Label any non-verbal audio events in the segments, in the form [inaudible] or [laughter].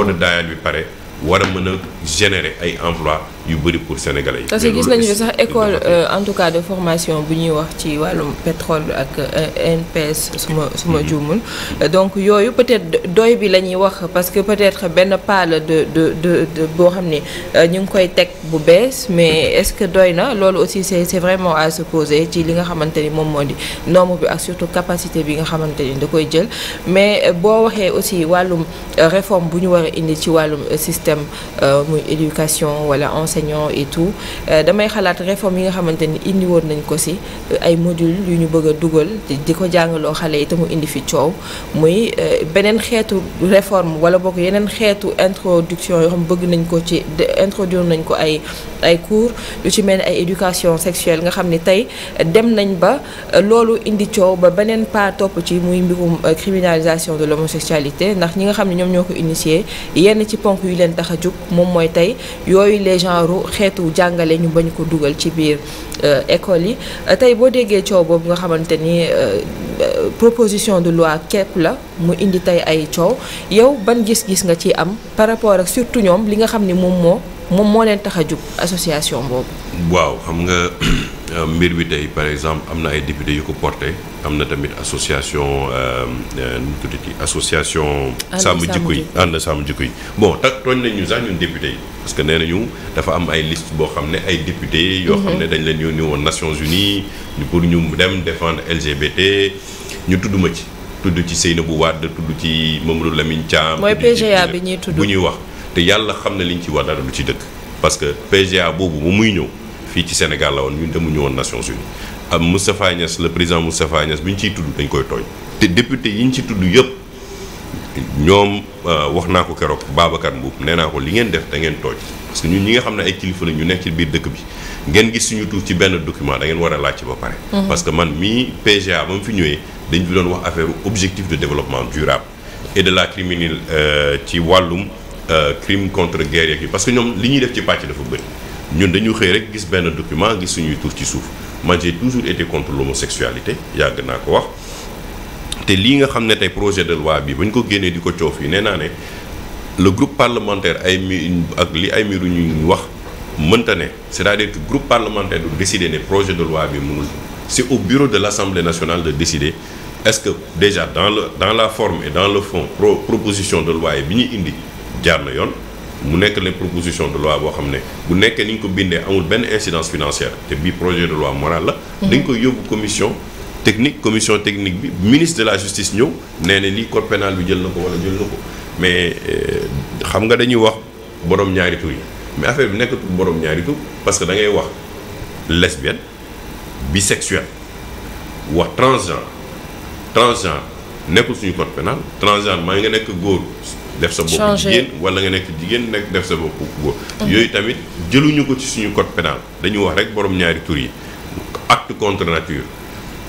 port de Dayane bi pare war a mën a générer ay emploi yu bëri pour sénégalais yi. parce que gis nañu sax école euh, en tout cas de formation bu ñuy wax ci wàllum pétrole ak euh, NPS suma suma mhm. juumul donc yooyu peut-être doy bi la ñuy wax parce que peut-être benn pas de de de boo xam ni euh, ñu ngi koy teg. bu bees mais est-ce que doy na loolu aussi c'est c'est vraiment à se ci li nga xamante ni moom moo di nombre bi ak surtout capacité bi nga xamante ni da koy jël mais euh, boo waxee aussi wàllum euh, réforme bu ñu war indi ci wàllum euh, système muy éducation wala enseignant et tout damay xalaat réforme yi nga xamante ni indi woon nañ ko si ay module yu ñu bëgg a dugal di ko jàngaloo xale yi te mu indi fi coow muy beneen xeetu réforme wala bokk yeneen xeetu introduction yoo bëgg nañ ko ci introduire nañ ko ay ay ay yu lu ci mel ni ay éducation sexuelle nga xam ni tey dem nañ ba euh, loolu indi coow ba beneen pas topp ci muy mbirum euh, criminalisation de l'homosexualité ndax ñi nga xam ne ñoom ñoo ko initié yenn ci ponk yu leen tax a jug moom mooy tey yooyu les genre xeetu jàngale ñu bañ ko dugal ci biir euh, école yi tey boo déggee coow boobu nga xamante ni proposition de loi képp la mu indi tey ay coow yow ban gis-gis nga ci am par rapport ak surtout ñoom li nga xam ni moom moo moom moo leen tax a jug association boobu. waaw xam nga [clears throat] euh, mbir bi tey par exemple am na ay député yu ko porté am na tamit association euh, euh, nu tuddati association. sàmm jikko yi ànd sàmm jikko yi bon tak tooñ nañ ñu sax ñun député yi parce que nee nañu dafa am ay liste boo xam ne ay député. yoo xam ne mhm. dañ leen yónni woon Nations Unies pour ñu dem défendre LGBT ñu tudd ma ci. tudd ci Seynabou Wade tudd ci Mamadou Lamine Thiam. mooy PGA bi ñuy tudd bu ñuy wax. te yàlla xam na li ñu ci walla dara du ci dëkk parce que PGA boobu ba muy ñëw fii ci Sénégal la woon ñun demuñu woon Nations Unies am Moustapha Niass le président Moustapha Niass bu ñu ciy tudd dañu koy tooñ te député yi ñu ci tudd yëpp ñoom euh, wax naa ko keroog baabakat Mbuub nee naa ko li ngeen def da ngeen tooñ parce que ñun ñi nga xam ne ay kilifa la ñu nekk ci biir dëkk bi ngeen gis suñu tur ci benn document da ngeen war a ci ba pare. Mm-hmm. parce que man mii PGA ba mu fi ñëwee dañ fi wax affaire objectif de développement durable et de euh, ci wàllum. Euh, crime contre guerre yeeg parce que ñoom li ñuy def ci pàcc dafa bëri ñun dañu xëy rek gis benn document gis suñuy tur ci suuf man j'ai toujours été contre l'homosexualité yàgg naa ko wax te lii nga xam ne tey projet de loi bi ba ñu ko génnee di ko coow yi nee naa ne le groupe parlementaire ay mi ak li ay miru ñu wax mënta ne c'est-à-dire que groupe parlementaire du décider ne projet de loi bi mënul c'est au bureau de l'Assemblée nationale de décider est-ce que déjà dans le dans la forme dans le fond pro proposition de loi bi ñu indi jaar na yoon mu nekk les propositions de loi boo xam ne bu nekkee ni ñu ko bindee amul benn incidence financière te bii projet de loi morale la mhm. dañ koy yóbbu commission technique commission technique bi ministre de la justice ñëw nee ne lii code pénal bi jël na ko wala jël na ko mais euh, xam nga dañuy wax borom ñaari tur yi mais affaire bi nekkatul boroom ñaari tur parce que da ngay wax bi bisexuelle wax transgenre transgenre nekkul suñu code pénal transgenre maa nga nekk góor def sa bopp jigéen wala nga nekk jigéen nekk def sa bopp góor yooyu mhm. tamit jëluñu ko ci suñu code pénal dañu wax rek borom ñaari tur yi acte contre nature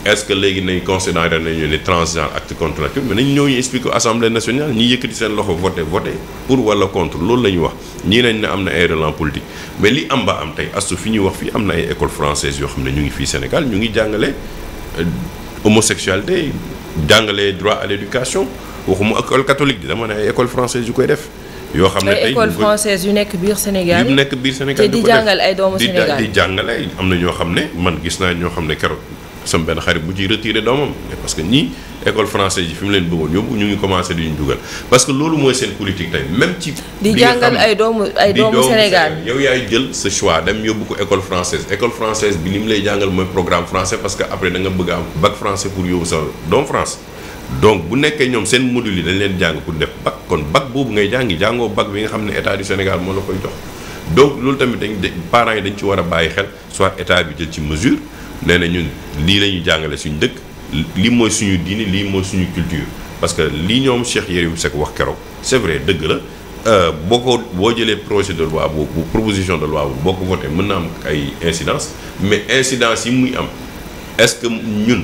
est-ce que léegi nañ considéré nañu ne transgenre acte contre nature mais nañ ñëw ñu expliqué assemblée nationale ñi yëkkati seen loxo voté voté pour wala contre loolu la ñu wax ñii nañ ne am na ay relents politique mais li am ba am tey astu fi ñuy wax fii am na ay école française yoo xam ne ñu ngi fii Sénégal ñu ngi jàngale euh, homosexualité jàngale droit à l'éducation waxuma école catholique di dama ne ay école française yu koy def. yoo xam ne tey école nekk biir Sénégal yu nekk biir Sénégal te di jàngal ay doomu Sénégal di am na ñoo xam ne man gis naa ñoo xam ne keroog sama benn xarit bu ciy retiré doomam parce que ñii école française yi fi mu leen bëggoon yóbbu ñu ngi commencé di ñu dugal parce que loolu mooy seen politique tey même ci. di jàngal ay doomu ay Sénégal yow yaay jël sa choix dem yóbbu ko école française école française bi li mu lay jàngal mooy programme français parce que après da nga bëgg a am bac français pour yóbbu sa doom France. donc bu nekkee ñoom seen module yi dañ leen jàng pour def bac kon bac boobu ngay jàngi jàngoo bac bi nga xam ne état du Sénégal moo la koy jox donc loolu tamit dañ parents yi dañ ci war a bàyyi xel soit état bi jël ci mesure nee na ñun lii la jàngale suñu dëkk lii mooy suñu diini lii mooy suñu culture parce que lii ñoom Cheikh Yérim Seck wax keroog c'est vrai dëgg la euh, boo ko boo jëlee projet de loi boobu proposition de loi boobu boo ko voté mën na am ay incidence mais incidence yi muy am est-ce que ñun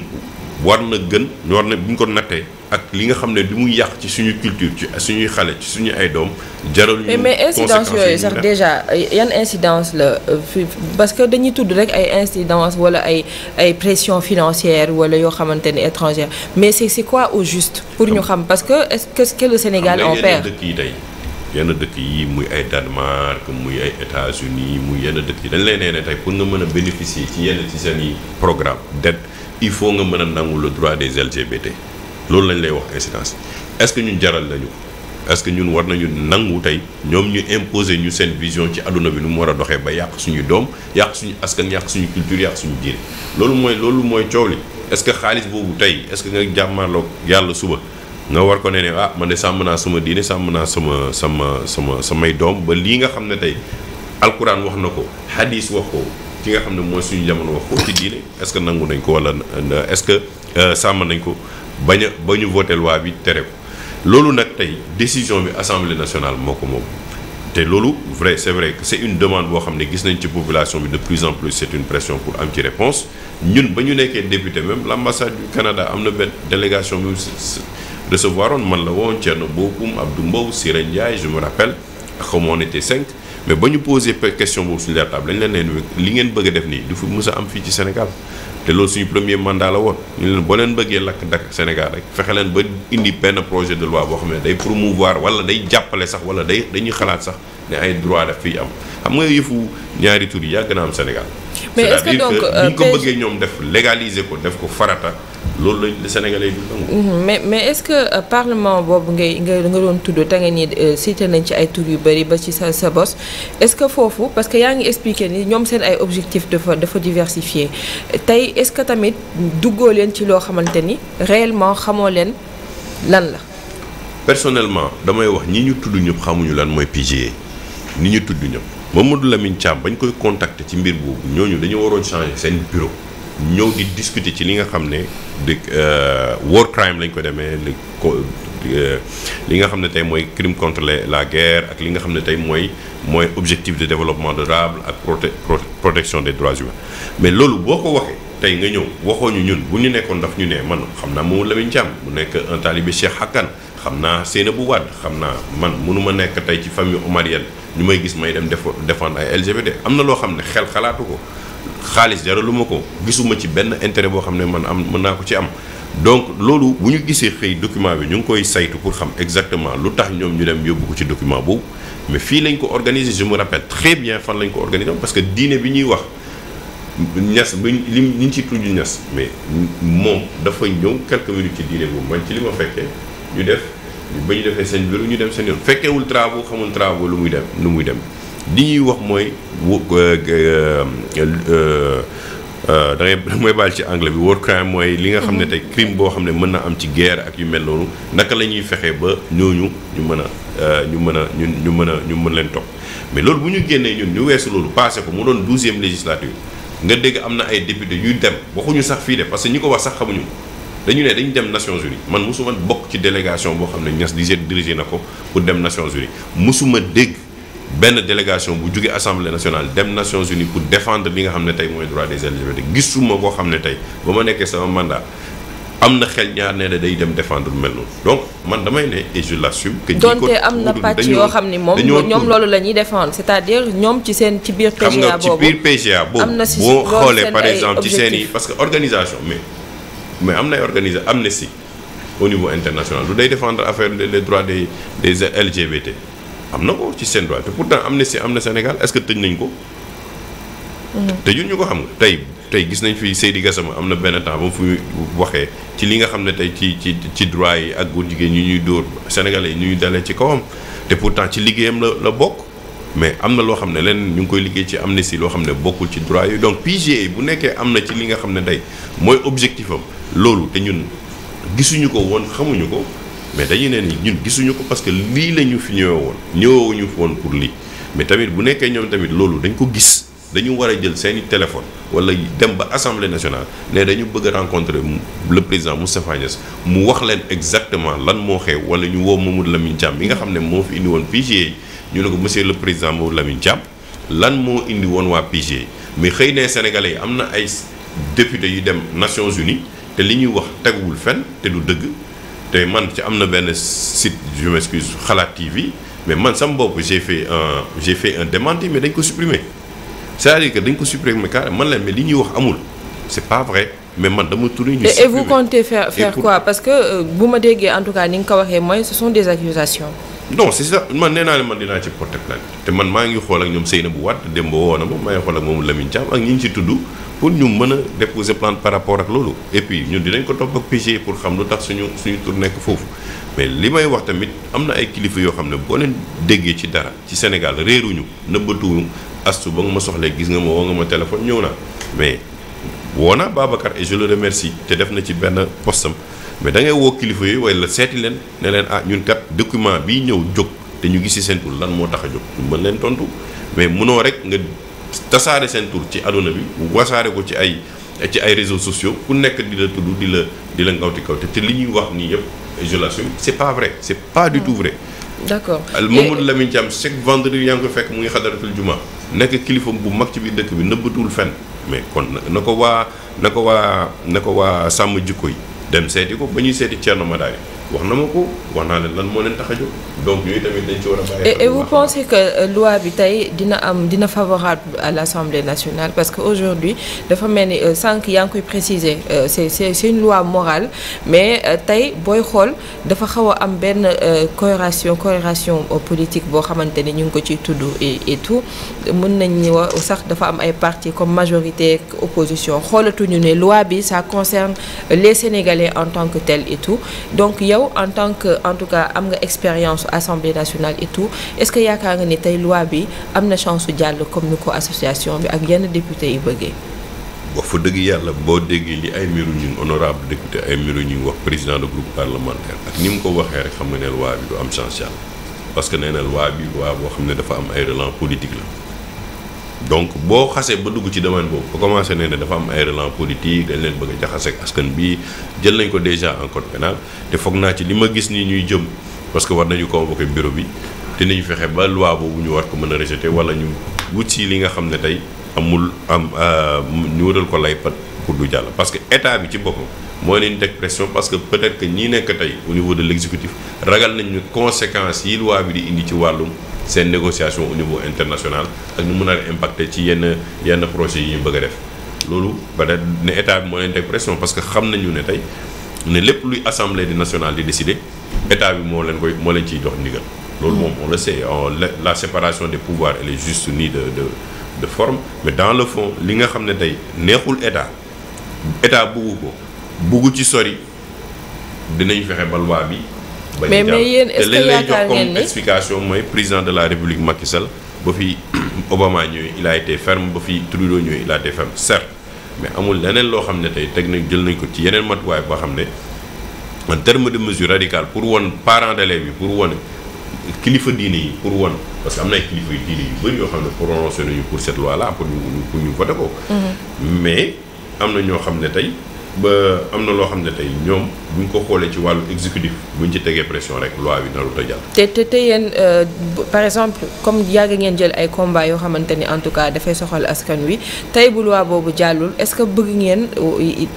war na gën war na bu ñu ko nattee ak li nga xam ne li muy yàq ci suñu culture suñuy xale ci suñu ay doom. jaral ñu mais incidence yooyu sax déjà yan incidence la euh, parce que dañuy tudd rek ay incidence wala ay ay pression financière wala yoo xamante ni étrangère mais c'est c'est quoi au juste. pour ñu xam parce que est que le Sénégal en perd dëkk yi tey yenn dëkk yi muy ay Danemark muy ay États-Unis muy yenn dëkk yi dañ lay nee ne tey pour nga mën a bénéficier ci yenn seen i programme d'aide il faut nga mën a nangu le droit des LGBT loolu lañ lay wax incidence est-ce que ñun jaral nañu est-ce ñun war nañu nangu tey ñoom ñu imposer ñu seen vision ci àdduna bi nu mu war a doxee ba yàq suñuy doom yàq suñu askan yàq suñu culture yàq suñu diine loolu mooy loolu mooy coow li est-ce que xaalis boobu tey est-ce que nga jàmmaarloog yàlla suba nga war ko ne ne ah man de sàmm naa sama diine sàmm naa sama sama sama samay doom ba lii nga xam ne tey alquran wax na ko hadis wax ko. ci nga xam ne mooy suñu jamono wax ko ci diine est-ce que nangu nañ ko wala est-ce euh, sàmm nañ ko bañ a ba ñu voté waa bi tere ko loolu nag tey décision bi assemblée nationale moo ko moom. te loolu vrai c'est vrai que c'est une demande boo xam ne gis nañ ci population bi de plus en plus c'est une pression pour am ci réponse ñun ba ñu nekkee député même l'ambassade du Canada am na benn délégation bi recevoir oon man la woon Thierno Bocoum Abdou Mbow Siré Ndiaye je me rappelle xaw ma on était cinq mais ba ñu posé question boobu suñu leer table dañ leen ne li ngeen bëgg a def nii du fi mës a am fii ci Sénégal te loolu suñu premier mandat la woon ñu leen boo leen bëggee lakk dak Sénégal rek fexe leen ba indi benn projet de loi boo xam ne day promouvoir wala day jàppale sax wala day dañuy xalaat sax ne ay droit daf fiy am xam nga yëfu ñaari tur yi yàgg na am Sénégal. mais est-ce que donc euh, ko bëggee ñoom def légaliser ko def ko farata. loolu lañ la Sénégalais yi dund. Mhm. mais mais est-ce que euh, parlement boobu ngay nga doon tudd te nga ni euh, cité nañ ci ay tur yu bëri ba ci sa sa bos est-ce que foofu parce que yaa ngi expliqué ni ñoom seen ay objectifs dafa dafa diversifié tey est-ce que tamit duggoo leen ci loo xamante ni réellement xamoo leen lan la. personnellement damay wax ñi ñu tudd ñëpp xamuñu lan mooy PGA ni ñu tudd ñëpp Mamadou Lamine Thiam bañ koy contacter ci mbir boobu ñooñu dañu waroon changer seen bureau. ñëw di discuter ci li nga xam ne de euh, war crime lañ ko demee li euh, li nga xam ne tey mooy crime contre la guerre ak li nga xam ne tey mooy mooy objectif de développement durable ak protection des droits humains mais loolu boo ko waxee tey nga ñëw waxoo ñu ñun bu ñu nekkoon ndax ñu ne man xam naa moom Lamine Thiam bu nekk un talibé Cheikh Haqqan xam naa Seynabou Wade xam naa man mënu nekk tey ci famille omarienne ñu may gis may dem défendre ay LGBT am na loo xam ne xel xalaatu ko xaalis jaraluma ko gisuma ci benn intérêt boo xam ne man am mën naa ko ci am donc loolu bu ñu gisee xëy document bi ñu ngi koy saytu pour xam exactement lu tax ñoom ñu dem yóbbu ko ci document boobu mais fii lañ ko organiser je me rappelle très bien fan lañ ko organiser parce que diine bi ñuy wax ñas bi li ñu ci tudd ñas mais moom dafa ñëw quelques minutes ci diine boobu man ci li ma fekkee ñu def ba ñu defee seen bureau ñu dem seen yoon fekkeewul travaux xamul travaux lu muy dem lu muy dem li ñuy wax mooy euh, euh, euh, da ngay mooy baal ci anglais bi war crime mooy li nga xam ne mhm. te crime boo xam ne mën na am ci guerre ak yu mel noonu naka la ñuy fexee ba ñooñu ñu mën a ñu mën a ñu ñu mën a ñu mën leen topp mais loolu bu ñu génnee ñun ñu weesu loolu passé ko mu doon douzième législature nga dégg am na ay député yuy dem waxuñu sax fii de parce que ñi ko wax sax xamuñu dañu ne dañu dem Nations Unies man mosuma bokk ci délégation boo xam ne Niass di dirigé na ko pour dem Nations Unies mosuma dégg. benn délégation bu jóge assemblée nationale dem Nations Unies pour défendre li nga xam ne tey mooy droit des LGBT gisuma ne tey ba ma nekkee sama mandat am na xel ñaar ne day dem défendre mel noonu donc man damay ne et je l'assume que donte xam ni moom ñoom loolu la ñuy défendre c'est-à-dire seen ci biir PGA boobu xam nga ci biir xoolee par exemple ci seen i parce que organisation mais mais am na ay organisation Amnesty au niveau international lu day défendre affaire les droits des des LGBT am na ko ci seen droit te pourtant amnistie am na Sénégal est que tëj nañ ko. Mm-hmm. tëjuñ ñu ko xam nga tey tey gis nañ fi Seydi Gassama am na benn temps ba mu fi waxee ci li nga xam ne tey ci ci ci droit yi ak góor jigéen ñu ñuy dóor sénégalais yi ñu ñuy dalee ci kawam te pour pourtant ci liggéeyam la la bokk. mais am na loo xam ne leneen ñu ngi koy liggéey ci amnistie loo xam ne bokkul ci droit yi donc PGA bu nekkee am na ci li nga xam ne tey mooy objectif am loolu te ñun gisuñu ko woon xamuñu ko. mais dañuy ne ñun gisuñu ko parce que lii la ñu fi ñëwee woon ñu woon pour lii mais tamit bu nekkee ñoom tamit loolu dañ ko gis dañu war a jël seeni téléphone wala dem ba assemblée nationale ne dañu bëgg a rencontrer le président Moustapha Niass mu wax leen exactement lan moo xew wala ñu woo Mamadou Lamine jàmm bi nga xam ne moo fi indi woon PGE ñu ne ko monsieur le président Mamadou Lamine Thiam lan moo indi woon waa PGE mais xëy na sénégalais yi am na ay député yu dem Nations Unies te li ñuy wax teguwul fenn te du dëgg te man ci am na benn site je m'excuse xalaat TV mais man sama bopp j'ai fait un j'ai fait un mais dañ ko supprimer c'est-à-dire que dañ ko supprimer carrément man la li ñuy wax amul c'est pas vrai mais man dama tourné ñu. et vous comptez faire faire pour... Euh, ma déggee en non c'est ça man nee naa ne man dinaa ci porter plainte te man maa ngi xool ak ñoom Seynabou Wade démb woo na ma maa ngi xool ak moom Lamine Thiam ak ñu ñu ci tudd. pour ñu mën a déposé plainte par rapport ak loolu et puis ñun dinañ ko topp ak PG pour xam lu tax suñu suñu tur nekk foofu mais li may wax tamit am na ay kilifa yoo xam ne boo leen déggee ci dara ci Sénégal réeruñu nëbbatuñu astu ba nga ma soxlee gis nga ma woo nga ma téléphone ñëw naa mais woo naa Babacar et remercie te def na ci benn postam mais da ngay woo kilifa yooyu la seeti leen ne leen ah ñun kat document bii ñëw jóg te ñu gis ci seen tur lan moo tax a jóg ñu leen tontu mais mënoo rek nga. tasaare seen tur ci aduna bi wasaare ko ci ay ci ay réseaux sociaux ku nekk di la tudd di la di la ngawti kawti te li ñuy wax nii yëpp je l'assume c'est pas vrai c'est pas du hmm. tout vrai d'accord Mamadou Lamine Thiam chaque vendredi yaa ngi ko fekk mu ngi xadaratul juma nekk kilifaam bu mag ci biir dëkk bi nëbbatuwul fen mais kon na ko waa na ko waa na ko waa sàmm jikko yi dem seeti ko ba ñuy seeti Thierno Madani wax na ma ko wax naa leen lan moo leen tax donc yooyu tamit dañ ci war a bàyyi. et vous pensez que euh, loi bi tey dina am dina favorable à l' assemblée nationale parce que aujourd'hui dafa mel ni euh, sànq yaa ngi koy préciser euh, est c' est une morale mais tey booy xool dafa xaw a am benn corrération corrération politique boo xamante ni ñu ngi ko ciy tudd et mën nañu wa sax dafa am ay parti comme majorité xoolatuñu ne loi bi ça concerne les sénégalais en tant que tel et tout donc. yow en tant que en tout cas am nga expérience assemblée nationale et tout est-ce que yaakaar nga ni tey loi bi am na chance su jàll comme ni ko association bi ak yenn député yi bëggee. boo fa dëgg yàlla boo déggee li ay miru ñu honorable député ay miru ñu wax président de groupe parlementaire ak ni mu ko waxee rek xam nga ne loi bi du am chance yàlla parce que nee na loi bi loi boo xam ne dafa am ay relents politique la. donc boo xasee ba dugg ci domaine boobu ba commencé ne ne dafa am ay relents politique dañ leen bëgg a jaxaseeg askan bi jël nañ ko déjà en code pénal te foog naa ci li ma gis nii ñuy jëm parce que war nañu convoquer bureau bi dinañu fexe ba luwaa boobu ñu war ko mën a rejeter wala ñu wut si li nga xam ne tey amul am euh, ñu wutal ko lay pat pour du jàll parce que état bi ci boppam moo leen teg pression parce que peut-être que ñi nekk tey au niveau de l'exécutif ragal nañ ne conséquences yi loi bi di indi ci wàllum. seen négociation au niveau international ak ñu mun a impacter ci yenn yenn projets yi ñu bëgg a def loolu ba da ne état bi moo leen teg pression parce que xam nañu ne tey ne lépp luy assemblée di nationale di décider état bi moo leen koy moo leen ci jox ndigal loolu moom moo le sait la séparation de pouvoirs elle est juste ni de de de forme mais dans le fond li nga xam ne tey neexul état état buggu ko buggu ci sori dinañ fexe ba bi mais mais yéen est mooy président de la république Macky Sall ba fi [clears throat] Obama ñëwee il a été ferme ba fi Trudeau ñëwee il a été certes mais amul leneen loo xam ne tey teg nañ jël nañ ko ci yeneen matuwaay boo xam ne en terme de mesure radicale pour won parents d'élèves yi pour won kilifa diine yi pour won parce que am na ay kilifa yu diine yu bëri yoo xam ne prononcé nañu pour cette loi là pour ñu pour ñu voté ko. Mm-hmm. mais am na ñoo xam ne tey. ba am na loo xam ne tey ñoom bu ko xoolee ci wàllu exécutif bu ñu ci tegee pression rek loi bi narut a jàll. te te te yéen euh, par exemple comme yàgg ngeen jël ay combat yoo xamante ni en tout cas dafay soxal askan wi tey bu loi boobu jàllul est-ce que bëgg ngeen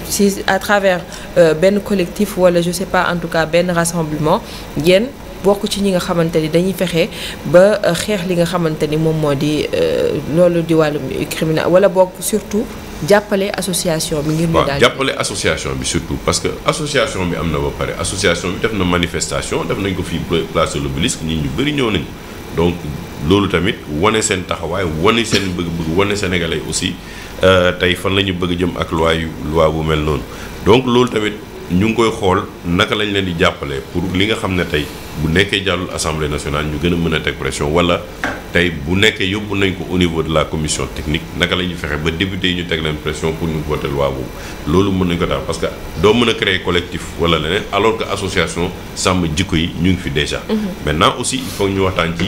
si à travers euh, benn collectif wala je sais pas en tout cas benn rassemblement yéen bokk ci ñi nga xamante ni dañuy fexe ba euh, xeex li nga xamante ni moom moo di loolu di wàllum criminel wala bokk surtout. jàppale association bi ngir mu daal jàppale association bi surtout parce que association bi am na ba pare association bi def na manifestation def nañ ko fii place de l'Obélisque nit ñu bëri ñëw nañ donc loolu tamit wane seen taxawaay wane seen bëgg-bëgg wane aussi euh, tey fan la ñu bëgg jëm ak loi yu loi bu mel noonu donc loolu tamit ñu ngi koy xool naka lañ leen di jàppale pour li nga xam ne tey bu nekkee jàllul assemblée nationale ñu gën a mën a teg pression wala tey bu nekkee yóbbu nañ ko au niveau de la commission technique naka la ñuy fexe ba député yi ñu teg leen pression pour ñu voter loi boobu loolu mën nañ ko daal parce que doo mën a créer collectif wala leneen alors que association sàmm jikko yi ñu ngi fi déjà mm-hmm. maintenant aussi il faut ñu waxtaan ci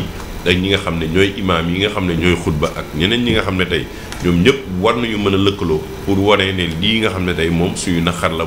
ak ñi nga xam ne ñooy imaam yi nga xam ne ñooy xutba ak ñeneen ñi nga xam ne tey ñoom ñëpp war nañu mën a lëkkaloo pour waree ne lii nga xam ne tey moom suñu naxar la